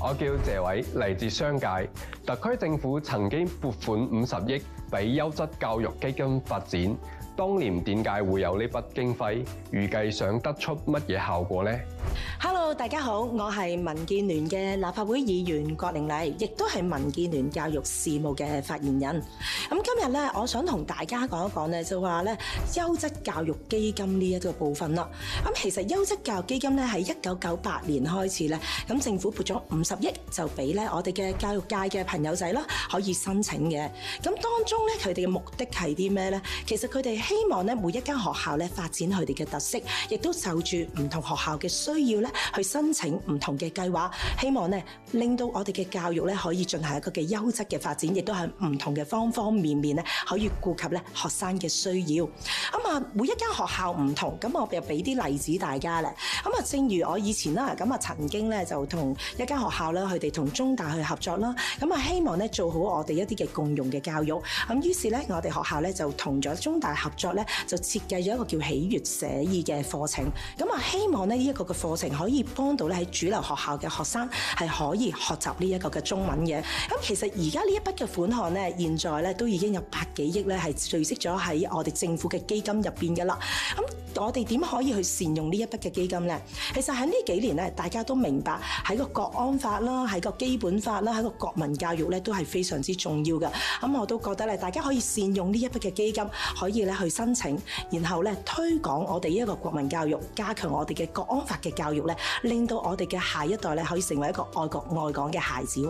我叫謝煒，嚟自商界。特區政府曾經撥款五十億。俾優質教育基金發展，當年點解會有呢筆經費？預計想得出乜嘢效果呢？Hello，大家好，我係民建聯嘅立法會議員郭玲麗，亦都係民建聯教育事務嘅發言人。咁今日咧，我想同大家講一講咧，就話咧優質教育基金呢一個部分咯。咁其實優質教育基金咧係一九九八年開始咧，咁政府撥咗五十億就俾咧我哋嘅教育界嘅朋友仔咯，可以申請嘅。咁當中咧佢哋嘅目的係啲咩咧？其實佢哋希望咧，每一間學校咧，發展佢哋嘅特色，亦都受住唔同學校嘅需要咧，去申請唔同嘅計劃，希望咧令到我哋嘅教育咧可以進行一個嘅優質嘅發展，亦都係唔同嘅方方面面咧可以顧及咧學生嘅需要。每一間學校唔同，咁我又俾啲例子大家咧。咁啊，正如我以前啦，咁啊曾經咧就同一間學校咧，佢哋同中大去合作啦。咁啊，希望咧做好我哋一啲嘅共用嘅教育。咁於是咧，我哋學校咧就同咗中大合作咧，就設計咗一個叫喜閱寫意嘅課程。咁啊，希望咧呢一個嘅課程可以幫到咧喺主流學校嘅學生係可以學習呢一個嘅中文嘅。咁其實而家呢一筆嘅款項咧，現在咧都已經有百幾億咧係累積咗喺我哋政府嘅基金入邊嘅啦，咁我哋點可以去善用呢一筆嘅基金呢？其實喺呢幾年咧，大家都明白係個國安法啦，係個基本法啦，係個國民教育咧都係非常之重要嘅。咁我都覺得咧，大家可以善用呢一筆嘅基金，可以咧去申請，然後咧推廣我哋呢一個國民教育，加強我哋嘅國安法嘅教育咧，令到我哋嘅下一代咧可以成為一個愛國愛港嘅孩子。